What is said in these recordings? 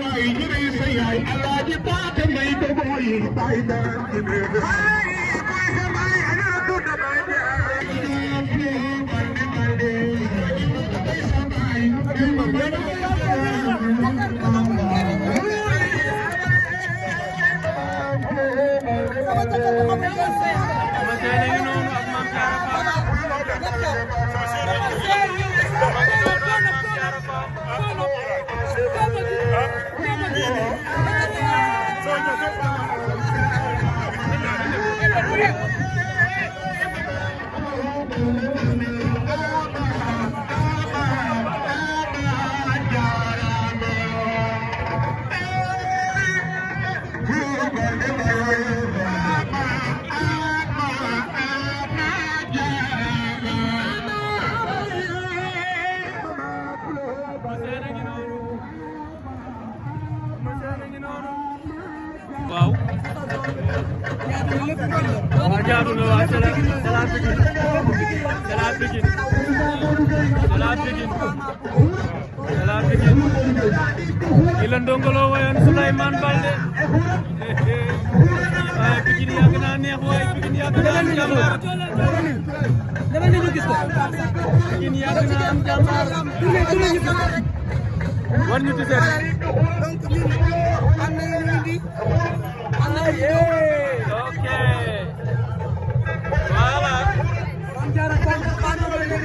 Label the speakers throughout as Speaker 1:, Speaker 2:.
Speaker 1: waay ñu ne sa yaay alaaji paate may dogoy bay dara ci biir Come on. Talla Pikine Talla Pikine Talla Pikine ki Balde waaye Pikine yàgg naa neex waaye Pikine yàgg naa am jàmbaar dama ne ñu gis ko Pikine yàgg naa am jàmbaar war ñu ci na yeneen di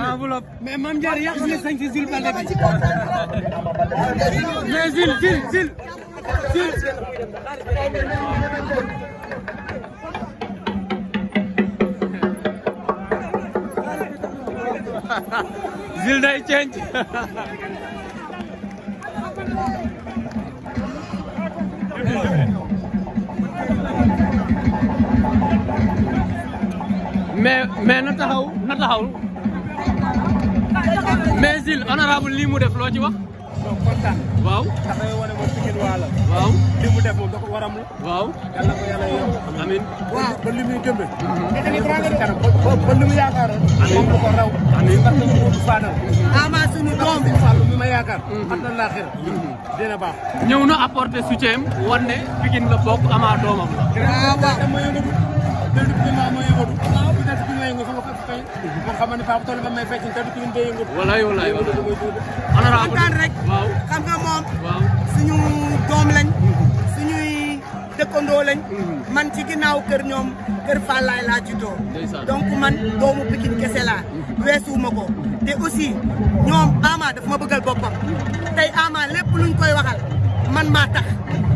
Speaker 1: enveloppe mais Mame Diarra yàq na sañ si Jules Baldé bi mais Jules Jules Jules Jules Jules day change mais mais na taxaw Zil honorable lii mu def loo ci wax. donc kontaan. waaw ndax def moom da waaw yàlla mhm. mu yaakaaroon. amiin moom du ko raw. amiin parce que moom du faanal. Mhm. na laaxira mhm. dina baax. ñëw na apporter doomam tëdd bi maa mooy yëngatu. bu dee ci yëngatu sama kër tey. man xam nga ne Pape Toll ba may fekk tëdd bi ñu day yëngatu. walaay walaay walaay kontaan rek. xam nga moom. waaw suñu doom lañ. Mm-hmm. suñuy dëkkandoo lañ. Mm-hmm. man ci ginnaaw kër ñoom kër Fallaye laa juddoo. donc man doomu Pikine kese laa. Mm-hmm. weesu ma ko. te aussi ñoom Ama dafa ma bëggal boppam. tey Ama lépp luñ koy waxal. man maa tax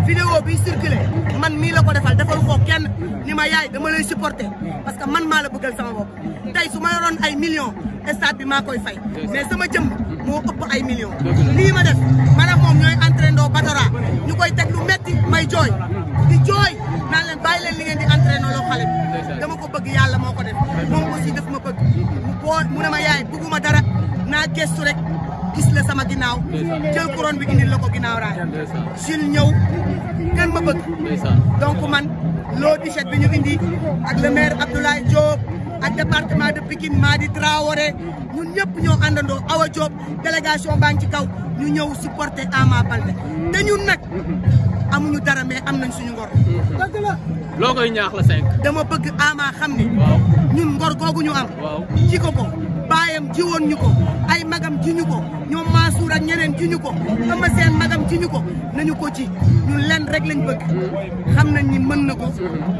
Speaker 1: vidéo bi circulé man mii la ko defal defal ko kenn ni ma yaay dama lay supporter parce que man maa la bëggal sama bopp tey su ma yoroon ay millions stade bi maa koy fay mais sama jëm moo ëpp ay millions lii ma def man ak moom ñooy entraîneur Batora ñu koy teg metti may jooy di jooy naan leen bàyyi leen li ngeen di entraîneur loo xale dama ko bëgg yàlla moo ko def moom aussi daf ma bëgg mu boo mu ne ma yaay bëgguma dara naa gestu rek gis la sama ginnaaw jël couronne bi indil la ko ginnaaw raay Jules ñëw kan ma bëgg donc man loo dichet bi ñu indi ak le maire Abdoulaye Diop ak département de Pikine Madi Traoré ñun ñëpp ñoo àndandoo Awa Diop délégation baa ngi ci kaw ñu ñëw supporter Ama Baldé te ñun nag amuñu dara mais am nañ suñu ngor dëgg loo koy ñaax la dama bëgg Ama xam ni ñun ngor googu ñu am ci ko magam jiwoon ñu ay magam ji ko ñoom Mansour ak ñeneen ji ñu ko Eumeu Sène magam ji ñu ko ci ñun lenn rek lañ bëgg xam nañ ni mën na ko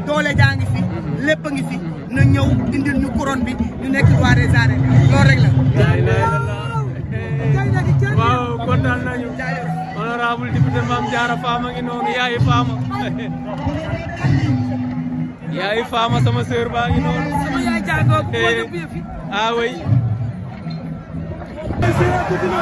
Speaker 1: doole jaa ngi fi lépp a ngi fi na ñëw indil ñu bi ñu nekk roi des arènes loolu rek la. waaw kontaan nañu honorable député Mame Diarra Fama ngi noonu yaayu Fama yaayu Fama sama sœur baa ngi noonu. sama yaay jàngoo ko eh, fi. ah Sira Kudina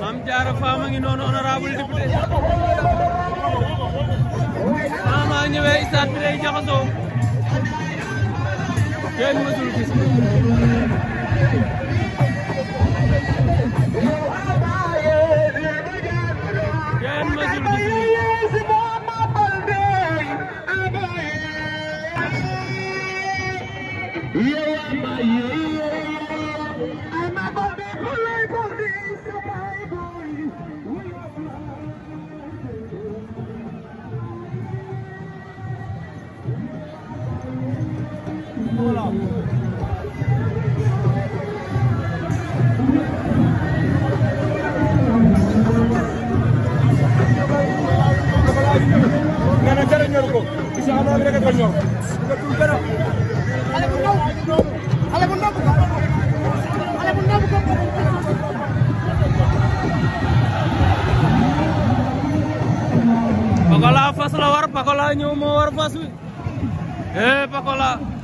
Speaker 1: Mame Diarra Fam a ngi noonu honorable député Fam a ñëwee stade bi day jaxasoo kenn mësul gis teeru ko ci am am rek a ko ñor nga tul dara xale bu ndaw xale bu ndaw xale bu ndaw Pakola fas la war Pakola ñëw moo war fas wi eh Pakola